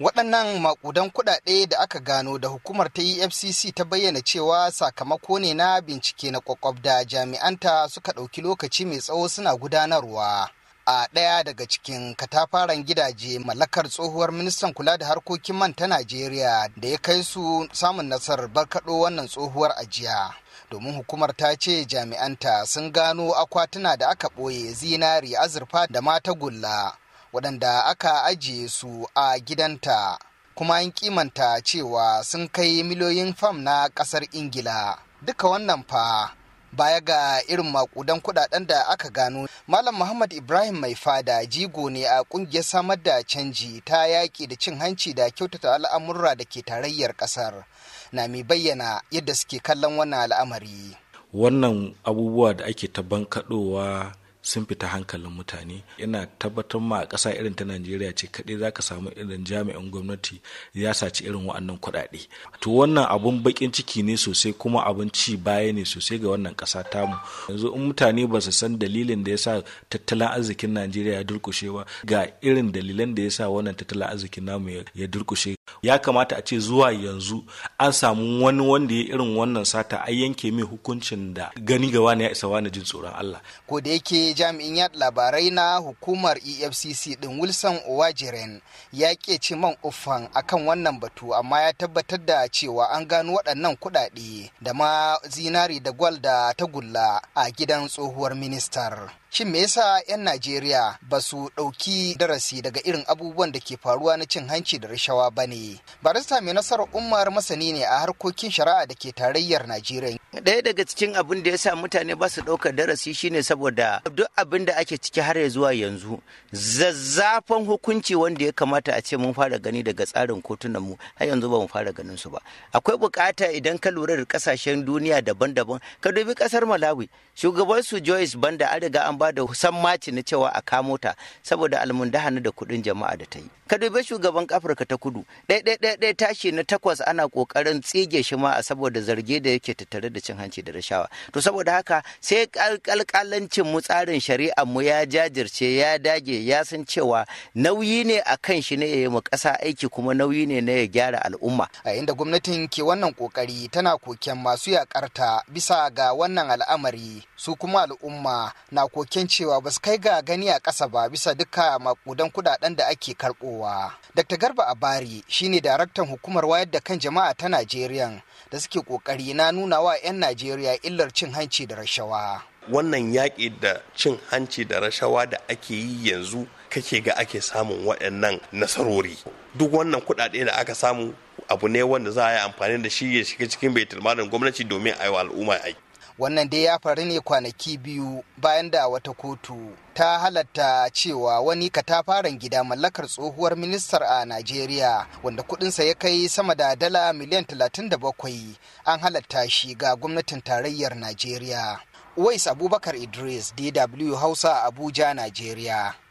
waɗannan makudan kuɗaɗe da aka gano da hukumar ta efcc ta bayyana cewa sakamako ne na bincike na kwakwab jami'anta suka ɗauki lokaci mai tsawo suna gudanarwa a ɗaya daga cikin katafaren gidaje mallakar tsohuwar ministan kula da harkokin man ta najeriya da ya kai su samun nasarar barkaɗo wannan tsohuwar ajiya domin hukumar ta ce jami'anta sun gano akwatuna da aka ɓoye zinari azurfa da mata gulla waɗanda aka ajiye su a gidanta kuma an kimanta cewa sun kai miliyoyin fam na ƙasar ingila duka wannan fa baya ga irin makudan kudaden da aka gano malam muhammad ibrahim mai fada jigo ne a ƙungiyar samar da canji ta yaƙi da cin hanci da kyautata al'amurra da ke tarayyar ƙasar na mai bayyana yadda suke kallon wannan al'amari wannan abubuwa da ake ta bankaɗowa sun fita hankalin mutane ina tabbatar ma a ƙasa irin ta najeriya ce kaɗai za ka samu irin jami'in gwamnati ya saci irin waɗannan kuɗaɗe to wannan abun baƙin ciki ne sosai kuma abun ci baya ne sosai ga wannan ƙasa tamu yanzu in mutane ba su san dalilin da yasa tattalin arzikin najeriya ya durƙushe ba ga irin dalilan da yasa wannan tattalin arzikin namu ya durƙushe ya kamata a ce zuwa yanzu an samu wani wanda ya irin wannan sata an yanke mai hukuncin da gani ga ne ya isa wani jin tsoron Allah ko da yake jami'in yaɗa labarai na hukumar EFCC din Wilson Owajiren ya ke ci man uffan akan wannan batu amma ya tabbatar da cewa an gano waɗannan kuɗaɗe da ma zinari da gwal da tagulla a gidan tsohuwar ministar shin me yasa 'yan najeriya ba su ɗauki darasi daga irin abubuwan da ke faruwa na cin hanci da rashawa ba ne barista mai nasarar umar masani ne a harkokin shari'a da ke tarayyar najeriya ɗaya daga cikin abin da ya sa mutane ba su ɗaukar darasi shine saboda duk abin da ake ciki har ya zuwa yanzu zazzafan hukunci wanda ya kamata a ce mun fara gani daga tsarin kotunanmu har yanzu ba mu fara ganin su ba akwai bukata idan ka lura da kasashen duniya daban-daban ka dubi kasar malawi Shugabansu su joyce banda an riga an ba da maci na cewa a kamo ta saboda almundahana da kudin jama'a da ta yi ka dubi shugaban afirka ta kudu ɗaya tashi na takwas ana ƙoƙarin tsige shi ma a saboda zarge da yake tattare da cin hanci da rashawa to saboda haka sai ƙalƙalƙalancin mu tsarin shari'ar mu ya jajirce ya dage ya san cewa nauyi ne a kan shi ne ya yi mu ƙasa aiki kuma nauyi ne na ya gyara al'umma a inda gwamnatin ke wannan ƙoƙari tana koken masu yaƙarta bisa ga wannan al'amari su kuma al'umma na koken cewa ba su kai ga gani a ƙasa ba bisa duka makudan kudaden da ake karɓowa. Dr. Garba Abari shine daraktan hukumar wayar da kan jama'a ta Najeriya da suke kokari na nuna wa 'yan Najeriya illar cin hanci da rashawa. Wannan yaƙi da cin hanci da rashawa da ake yi yanzu kake ga ake samun waɗannan nasarori. Duk wannan kuɗaɗe da aka samu abu ne wanda za a yi amfani da shi ya shiga cikin baitul malin gwamnati domin a yi wa al'umma aiki wannan dai ya faru ne kwanaki biyu bayan da wata kotu ta halatta cewa wani katafaren gida mallakar tsohuwar ministar a najeriya wanda kudinsa ya kai sama da dala miliyan 37 an halatta shi ga gwamnatin tarayyar najeriya Uwais Abubakar Idris, DW Hausa, Abuja, Najeriya.